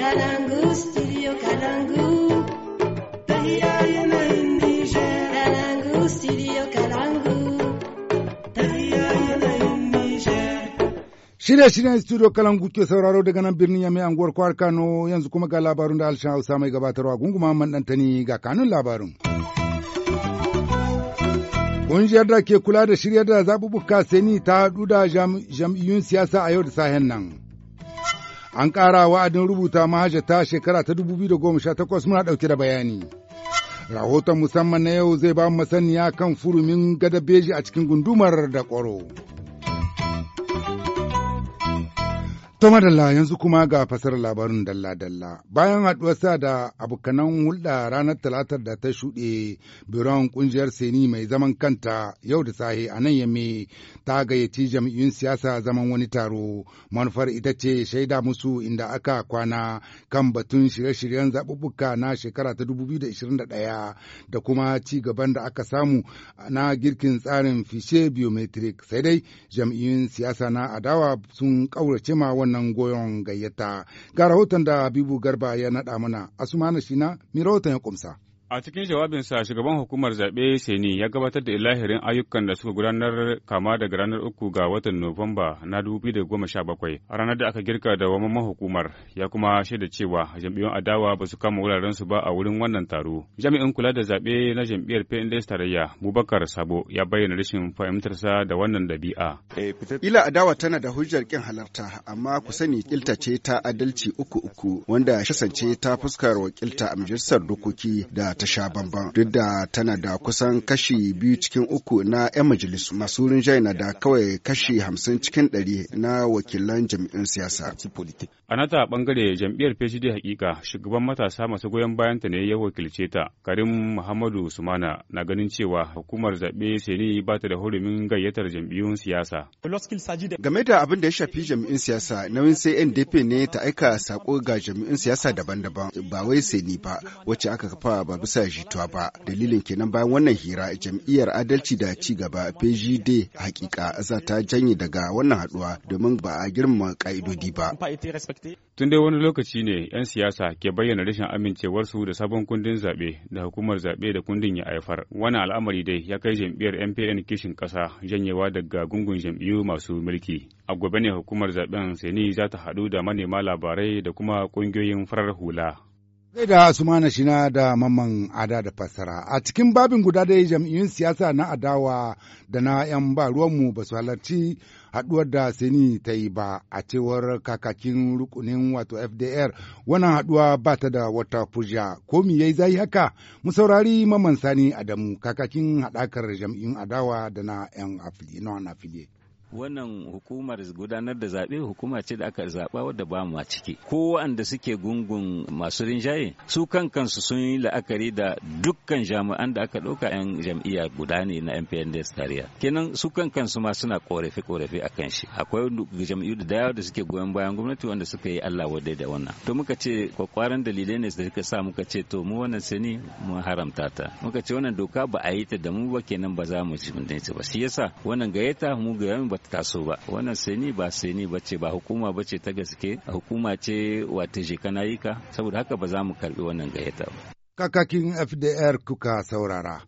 shirya studio Kalangu. Kalangu, studio Kalangu. ke sauraro daga nan birnin Yamai anguwar kwar Kano yanzu kuma ga labarun da Alshan Hausa mai gabatarwa gunguma man ɗantani ga kanun labarun. Ƙungiyar da ke kula da shirya da zaɓuɓɓuka Seni ta haɗu da jam'iyyun siyasa a yau da sahen nan. An ƙara wa'adin rubuta mahajjata shekara ta 2018 muna ɗauke da bayani. Rahoton musamman na yau zai ba mu masaniya kan furumin gada beji a cikin gundumar da ƙwaro. To madalla yanzu kuma ga fasar labarin dalla-dalla. Bayan haɗuwar sa da abokanan hulɗa ranar Talata da ta shuɗe biron ƙungiyar Seni mai zaman kanta yau da sahe a nan yamme ta gayyaci jam'iyyun siyasa zaman wani taro. Manufar ita ce shaida musu inda aka kwana kan batun shirye-shiryen zaɓuɓɓuka na shekara ta 2021 da kuma ci gaban da aka samu na girkin tsarin fishe biometric. Sai dai jam'iyyun siyasa na adawa sun ƙaurace ma wannan goyon gayyata. Ga rahoton da Habibu Garba ya naɗa mana, Asumana Shina, mi rahoton ya kumsa. A cikin jawabinsa shugaban hukumar zaɓe Seni ya gabatar da ilahirin ayyukan da suka gudanar kama daga ranar uku ga watan Nuwamba na da 2017 a ranar da aka girka da wamman hukumar ya kuma shaida cewa jam'iyyun adawa ba su kama wurarensu ba a wurin wannan taro. Jami'in kula da zaɓe na jam'iyyar PNDS tarayya Bubakar Sabo ya bayyana rashin fahimtarsa da wannan dabi'a. Ila adawa tana da hujjar kin halarta amma ku sani kilta ce ta adalci uku uku wanda shasance ta fuskar wakilta a majalisar dokoki da ta sha bamban duk da tana da kusan kashi biyu cikin uku na 'yan majalisu masu rinjaye na da kawai kashi hamsin cikin ɗari na wakilan jami'in siyasa. A nata bangare jam'iyyar PCD hakika shugaban matasa masu goyon bayanta ne ya wakilce ta Karim Muhammadu Sumana na ganin cewa hukumar zaɓe sai ba ta da hurumin gayyatar jam'iyyun siyasa. Game da abin da ya shafi jami'in siyasa nauyin sai NDP ne ta aika sako ga jami'in siyasa daban-daban ba wai sani ba wacce aka kafa ba sa jituwa ba dalilin kenan bayan wannan hira jam'iyyar adalci da ci gaba pgd hakika za ta janye daga wannan haduwa domin ba a girma ka'idodi ba tun dai wani lokaci ne 'yan siyasa ke bayyana rashin amincewarsu da sabon kundin zaɓe da hukumar zaɓe da kundin ya haifar wani al'amari dai ya kai jam'iyyar mpn kishin ƙasa janyewa daga gungun jam'iyyu masu mulki a gobe ne hukumar zaɓen seni za ta haɗu da manema labarai da kuma ƙungiyoyin farar hula su Asumana Shina da Mamman Ada da fassara. A cikin babin guda dai jam'iyyun siyasa na adawa da na 'yan ba ruwanmu ba su halarci haɗuwar da sani ta yi ba a cewar kakakin rukunin wato FDR wannan haɗuwa ba ta da wata fujiya Ko me yayi zai haka? Mu saurari Mamman Sani Adamu kakakin haɗakar jam'iyyun adawa da na 'yan afiliye. wannan hukumar gudanar da zaɓe hukuma ce da aka zaɓa wadda ba mu a ciki ko waɗanda suke gungun masu rinjaye su kan kansu sun yi la'akari da dukkan jami'an da aka ɗauka 'yan jam'iyya guda ne na mpns tariya kenan su kan kansu ma suna korafe a kan shi akwai jam'iyyu da dayawa da suke goyon bayan gwamnati wanda suka yi Allah wadai da wannan to muka ce kwakwaran dalilai ne da suka sa muka ce to mu wannan sani mun haramta ta muka ce wannan doka ba a yi ta da mu ba kenan ba za mu ci ba shi yasa wannan gayyata mu ga ba ta taso ba wannan seni ba seni ba ce ba hukuma ba ta gaske hukuma ce wata shekana yi ka saboda haka ba za mu karbi wannan gayyata ba kakakin fdr kuka saurara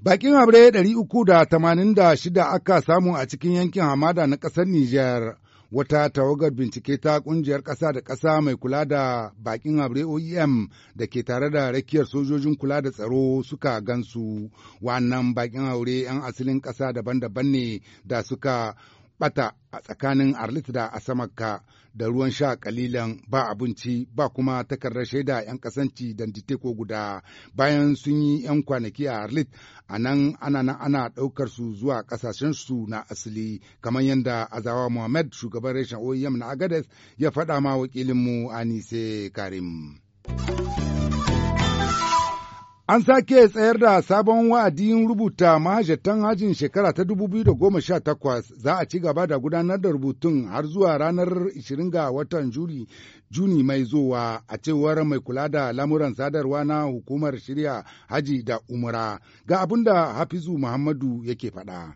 Bakin da 386 aka samu a cikin yankin hamada na ƙasar Nijar. Wata tawagar bincike ta ƙungiyar ƙasa da ƙasa mai kula da bakin habre OEM da ke tare da rakiyar sojojin kula da tsaro suka gansu. Wannan bakin aure 'yan asalin ƙasa daban-daban ne da suka bata a tsakanin Arlit da a ka da ruwan sha kalilan ba abinci ba kuma takardar shaida 'yan kasanci dantite ko guda bayan sun yi 'yan kwanaki a Arlit a nan ana nan ana ɗaukar su zuwa ƙasashensu na asali kamar yadda Azawa Muhammad shugaban reshen OEM na Agades ya faɗa ma wakilinmu Anise Karim. An sake tsayar da sabon wa'adin rubuta mahajjatan hajjin shekara ta 2018 za a ci gaba da gudanar da rubutun har zuwa ranar 20 ga watan Juli, Juni mai zuwa a cewar mai kula da lamuran sadarwa na hukumar shirya haji da umra ga abin da Hafizu Muhammadu yake faɗa.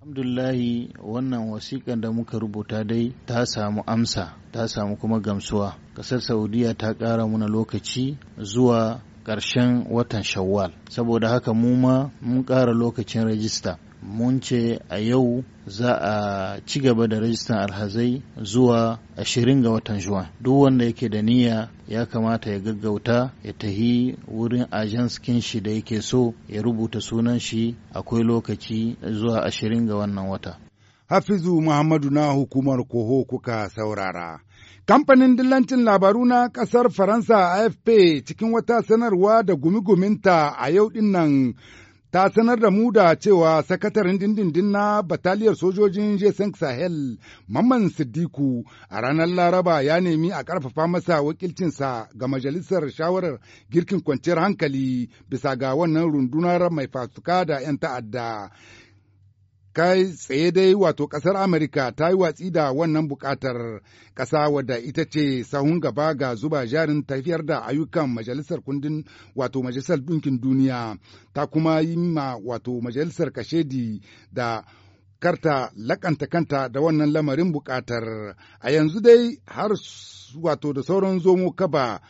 Alhamdulillahi wannan wasiƙan da muka rubuta dai ta samu amsa ta samu kuma gamsuwa. Ƙasar Saudiya ta ƙara muna lokaci zuwa ƙarshen watan shawwal saboda haka mu ma mun ƙara lokacin rajista mun ce a yau za a ci gaba da rajistan alhazai zuwa ashirin ga watan juwan duk wanda yake da niyya ya kamata ya gaggauta ya tahi wurin ajanskin shi da yake so ya rubuta sunan shi akwai lokaci zuwa ashirin ga wannan wata hafizu muhammadu na hukumar koho kuka saurara Kamfanin dillancin labaru na ƙasar Faransa AFP cikin wata sanarwa da gumi-guminta a yau dinnan ta sanar da mu da cewa sakataren dindindin na bataliyar sojojin jason sahel mamman siddiku a ranar laraba ya nemi a ƙarfafa masa wakilcinsa ga majalisar shawarar girkin kwanciyar hankali bisa ga wannan rundunar mai fasuka da 'yan ta'adda kai tsaye dai wato ƙasar Amurka ta yi watsi da wannan buƙatar ƙasa wadda ita ce sahun gaba ga zuba jarin tafiyar da ayyukan majalisar kundin wato majalisar ɗinkin duniya ta kuma yi ma wato majalisar kashedi da karta lakanta kanta da wannan lamarin buƙatar a yanzu dai har wato da sauran zomo kaba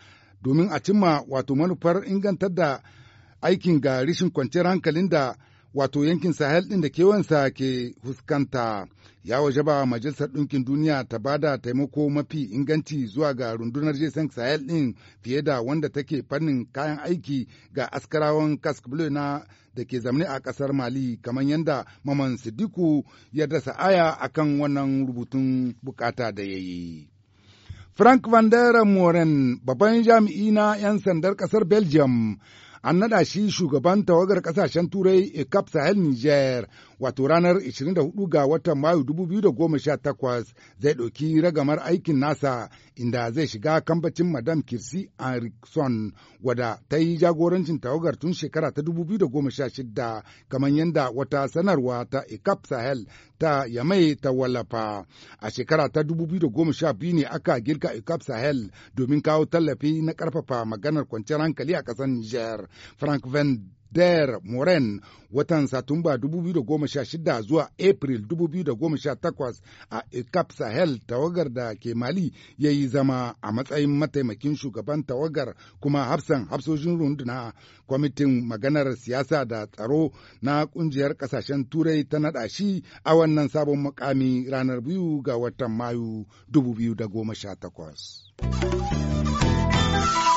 domin a cimma wato manufar ingantar da aikin ga rishin kwanciyar hankalin da wato yankin sahel din da kewansa ke fuskanta ya waje ba majalisar ɗinkin duniya ta bada taimako mafi inganci zuwa ga rundunar jason sahel ɗin fiye da wanda take fannin kayan aiki ga askarawan kask na da ke zamani a ƙasar mali kamar yadda maman sidiku ya dasa aya akan wannan rubutun bukata da ya yi. Frank Van der Moren, babban jami'i na 'yan sandar ƙasar Belgium, an naɗa shi shugaban tawagar ƙasashen turai ECAP Sahel Niger wato ranar 24 ga watan Mayu 2018 zai ɗauki ragamar aikin nasa inda zai shiga kambacin Madam Kirsi Erickson wada ta yi jagorancin tawagar tun shekara ta 2016 kamar yadda wata sanarwa ta ECAP Sahel ta Yamai ta wallafa. A shekara ta 2012 ne aka girka ECAP Sahel domin kawo tallafi na ƙarfafa maganar kwanciyar hankali a ƙasar Niger. Frank Van Dare Moren watan Satumba 2016 zuwa April 2018 a Cap Sahel tawagar da ke Mali ya yi zama a matsayin mataimakin shugaban tawagar kuma hafsan hafsoshin runduna kwamitin maganar siyasa da tsaro na kungiyar kasashen turai ta naɗa shi a wannan sabon makami ranar biyu ga watan Mayu 2018.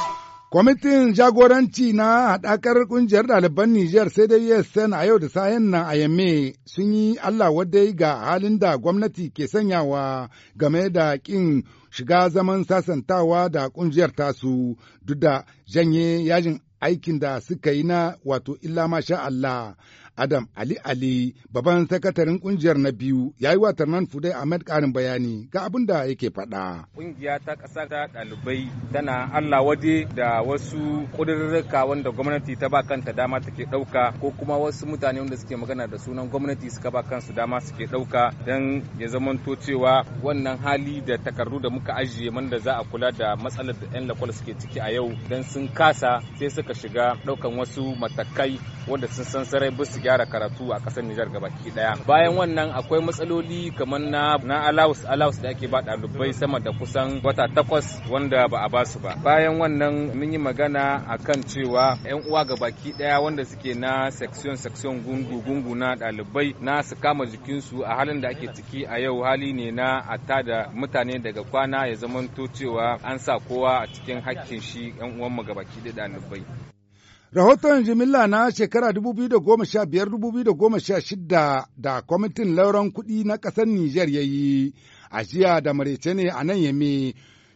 Kwamitin jagoranci na haɗakar ƙungiyar ɗaliban Nijar sai dai yasan e a yau da sayan nan a yamme sun yi Allah wadai ga halin da gwamnati ke sanyawa game da ƙin shiga zaman sasantawa da ƙungiyar tasu duk da janye yajin aikin da suka yi na wato illa masha Allah. Adam Ali Ali baban sakataren kungiyar na biyu ya yi watar nan Fudai Ahmed karin bayani ga abin da yake faɗa. Kungiya ta ƙasa ta ɗalibai tana Allah waje da wasu ƙudurruka wanda gwamnati ta ba kanta dama take ɗauka ko kuma wasu mutane wanda suke magana da sunan gwamnati suka ba kansu dama suke ɗauka don ya zamanto cewa wannan hali da takardu da muka ajiye man da za a kula da matsalar da 'yan lakwal suke ciki a yau don sun kasa sai suka shiga ɗaukan wasu matakai wanda sun san sarai bisu gyara karatu a kasar Nijar gabaki daya bayan wannan akwai matsaloli kamar na na allowance da ake ba dalibai sama da kusan wata takwas wanda ba a basu ba bayan wannan mun yi magana akan cewa yan uwa gabaki daya wanda suke na section section gungu gungu na dalibai na su kama jikinsu a halin da ake ciki a yau hali ne na a da mutane daga kwana ya zamanto cewa an sa kowa a cikin hakkin shi yan uwan mu gabaki da dalibai. Rahoton jimilla na shekara 2015-2016 da kwamitin lauran kuɗi na ƙasar Nijar ya yi a jiya da marece ne a nan yame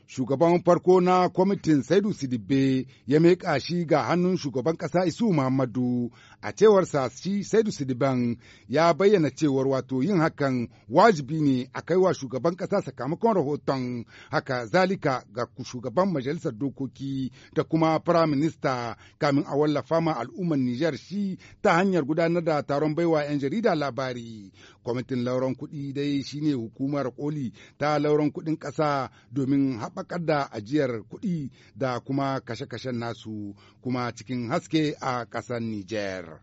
shugaban farko na kwamitin Saidu Sidibe ya meƙa shi ga hannun shugaban ƙasa Isu Muhammadu A cewar sa shi Saidu Sidiban ya bayyana cewar wato yin hakan wajibi ne a kaiwa shugaban kasa sakamakon rahoton haka zalika ga shugaban majalisar dokoki da kuma firaminista kamin a wallafa ma al'ummar Nijar shi ta hanyar gudanar da taron baiwa 'yan jarida labari. Kwamitin lauran kuɗi dai shine hukumar koli ta lauran kuɗin ƙasa domin haɓakar da ajiyar kuɗi da kuma kashe-kashen nasu kuma cikin haske a ƙasar Nijar.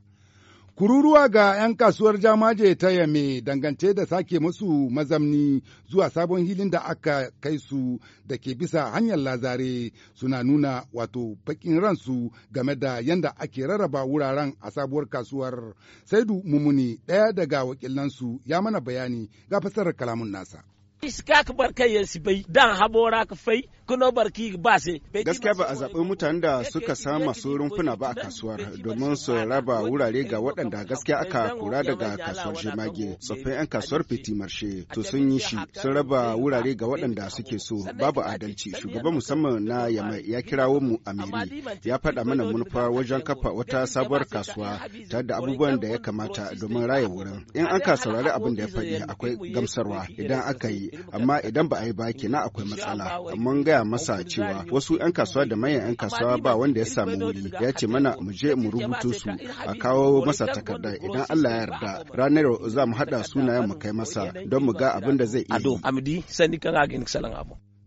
Kururuwa ga 'yan kasuwar jamaje ta yame dangance da sake musu mazamni zuwa sabon hilin da aka kai su da ke bisa hanyar lazare suna nuna wato bakin ransu game da yadda ake rarraba wuraren a sabuwar kasuwar. Saidu Mumuni ɗaya daga wakilansu ya mana bayani ga fasarar kalamun nasa. iska ka bar kai yansi bai dan habora ka fai kuno barki ba se gaskiya ba a zaɓi mutanen da suka samu masu rumfuna ba a kasuwar domin su raba wurare ga waɗanda gaskiya aka kura daga kasuwar shemage tsoffin 'yan kasuwar fiti marshe to sun yi shi sun raba wurare ga waɗanda suke so babu adalci shugaban musamman na yamai ya kirawo mu amiri ya faɗa mana manufa wajen kafa wata sabuwar kasuwa tare da abubuwan da ya kamata domin raya wurin in an ka saurari abin da ya faɗi akwai gamsarwa idan aka yi amma idan ba a yi ba kenan akwai matsala mun gaya masa cewa wasu 'yan kasuwa da manyan 'yan kasuwa ba wanda ya samu wuri ya ce mana mu je mu rubuto su a kawo masa takarda idan Allah ya yarda ranar za mu haɗa sunayen mu kai masa don mu ga abin da zai iya.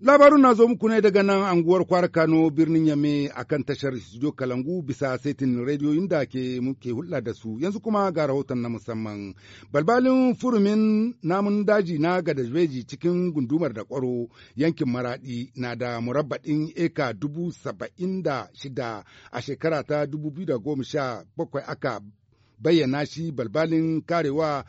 Labarun na zo muku ne daga nan anguwar kwara Kano birnin Yame a kan tashar Studio Kalangu bisa setin rediyoyin da ke muke hulɗa da su yanzu kuma ga rahoton na musamman. Balbalin furumin namun daji na Gadajbeji cikin gundumar da ƙwaro yankin Maraɗi na da murabbaɗin eka dubu saba'in da shida a shekara ta dubu biyu da goma sha bakwai aka bayyana shi balbalin karewa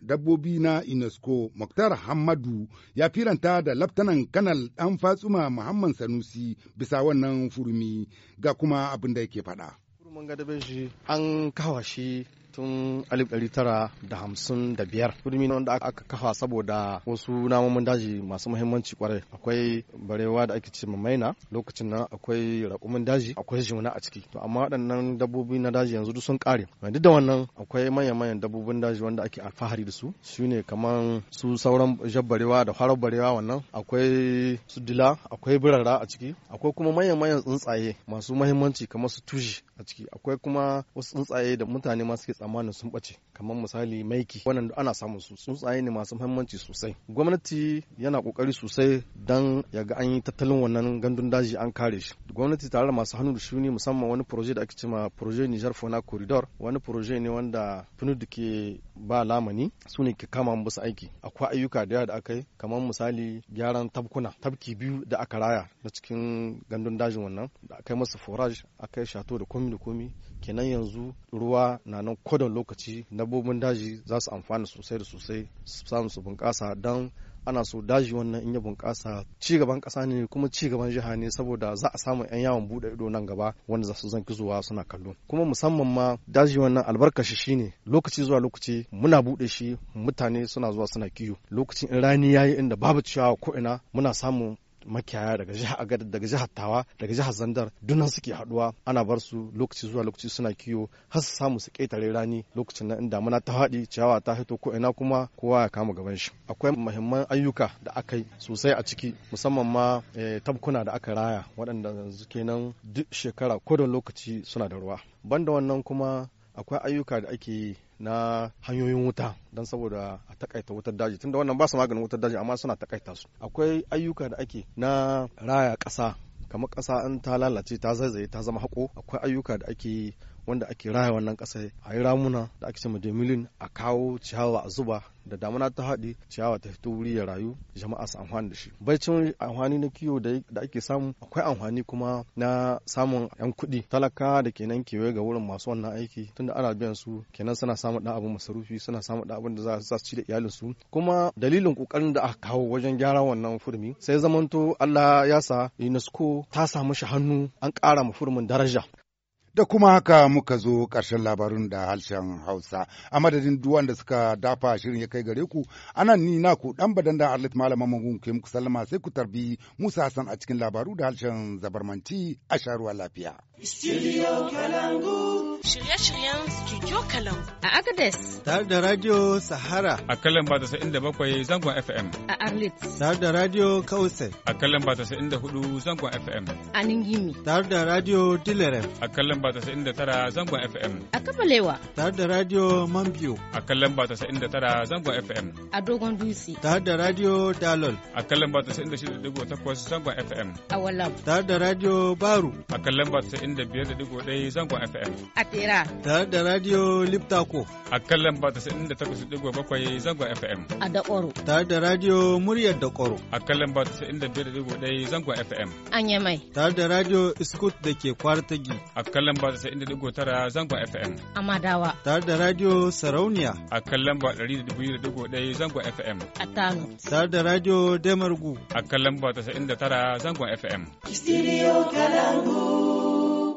dabbobi na UNESCO Muktar Hamadu ya firanta da Laftanan Kanal ɗan Fatsuma Muhammad Sanusi bisa wannan furumi ga kuma abin da yake faɗa. Furumin an kawa shi tun 1955 turmi ne wanda aka kafa saboda wasu namomin daji masu muhimmanci kwarai akwai barewa da ake ce maina lokacin nan akwai raƙumin daji akwai jimina a ciki to amma waɗannan dabbobi na daji yanzu duk sun kare duk da wannan akwai manya-manyan dabbobin daji wanda ake alfahari da su su ne kamar su sauran jabbarewa da farar barewa wannan akwai su dila akwai birara a ciki akwai kuma manya-manyan tsuntsaye masu muhimmanci kamar su tushi a ciki akwai kuma wasu tsuntsaye da mutane ma suke tsammanin sun bace kamar misali maiki wannan ana samun su tsuntsaye ne masu muhimmanci sosai gwamnati yana kokari sosai dan ya ga an yi tattalin wannan gandun daji an kare shi gwamnati tare da masu hannu da shuni musamman wani proje da ake cewa proje Niger Fona Corridor wani proje ne wanda PNUD ke ba lamani su ne ke kama musu aiki akwai ayyuka da yawa da aka yi kamar misali gyaran tabkuna tabki biyu da aka raya na cikin gandun dajin wannan da aka yi masa forage aka yi shato da komi da komi kenan yanzu ruwa na nan kodon lokaci dabbobin daji za su amfana sosai da sosai su samu su bunƙasa don ana so daji wannan in ya bunƙasa ci gaban ƙasa ne kuma ci gaban jiha ne saboda za a samu 'yan yawon buɗe ido nan gaba wanda za su ki zuwa suna kallo kuma musamman ma daji wannan albarkashi ne lokaci zuwa lokaci muna buɗe shi mutane suna zuwa suna kiyo lokacin in rani yayi inda babu ciyawa ko ina muna samun makiyaya daga jihar agada daga jihar tawa daga jihar zandar dunan suke haduwa ana bar su lokaci zuwa lokaci suna kiwo har su samu su ketare rani lokacin nan in damuna ta haɗi ciyawa ta hito ko ina kuma kowa ya kama gaban shi akwai muhimman ayyuka da aka yi sosai a ciki musamman ma eh, tabkuna da aka raya waɗanda yanzu kenan duk shekara ko da lokaci suna da ruwa banda wannan kuma akwai ayyuka da ake yi na hanyoyin wuta don saboda a takaita wutar daji tunda wannan ba su maganin wutar daji amma suna takaita su akwai ayyuka da ake na raya ƙasa kamar ƙasa an ta lalace ta zaizaye ta zama haƙo akwai ayyuka da ake wanda ake raya wannan ƙasa a yi ramuna da ake cewa demilin a kawo ciyawa a zuba da damuna ta haɗe ciyawa ta fito wuri ya rayu jama'a su amfani da shi baicin amfani na kiwo da ake samu akwai amfani kuma na samun yan kuɗi talaka da kenan kewaye ga wurin masu wannan aiki tunda ana biyan su kenan suna samun ɗan abin masarufi suna samun ɗan abin da za su ci da iyalin su kuma dalilin ƙoƙarin da aka kawo wajen gyara wannan furmi sai zamanto Allah ya sa UNESCO ta samu shi hannu an ƙara ma furmin daraja da kuma haka muka zo ƙarshen labarun da harshen hausa a madadin duwan da suka dafa shirin ya kai gare ku anan ni naku dan badan da arlit malaman mungun ke muku sallama sai ku tarbi musa hassan a cikin labaru da harshen zabarmanci a sharuwa lafiya. Studio shirye-shiryen Studio Kalangu. A Agadez. Tare da Radio Sahara. A kalan ba inda bakwai zangon FM. A Arlit. Tare da Radio Kausai. A kalan ba inda hudu zangon FM. A Ningimi. Tare da Radio Dilerem. A kalan ba inda tara zangon FM. A Kabalewa. Tare da Radio Mambiyo. A kalan ba inda tara zangon FM. A Dogon Dutse. Tare da Radio Dalol. A kalan ba inda shida digo takwas zangon FM. A Walam. Tare da Radio Baru. A kalan ba inda biyar da digo ɗaya zangon FM. Tera. Tare da Radio Liptako. A kan lamba bakwai zangon FM. A Dakoro. Tare da Radio Muryar Dakoro. A kan lamba ɗaya zangon FM. a nyamai. Tare da Radio Iskut da ke Kwartagi. A kan lamba tara zangon FM. A Madawa. Tare da Radio Sarauniya. A kan lamba ɗaya zangon FM. A Tano. Tare da Radio Demargu. A kan lamba tara zangon FM. Studio Kalangu.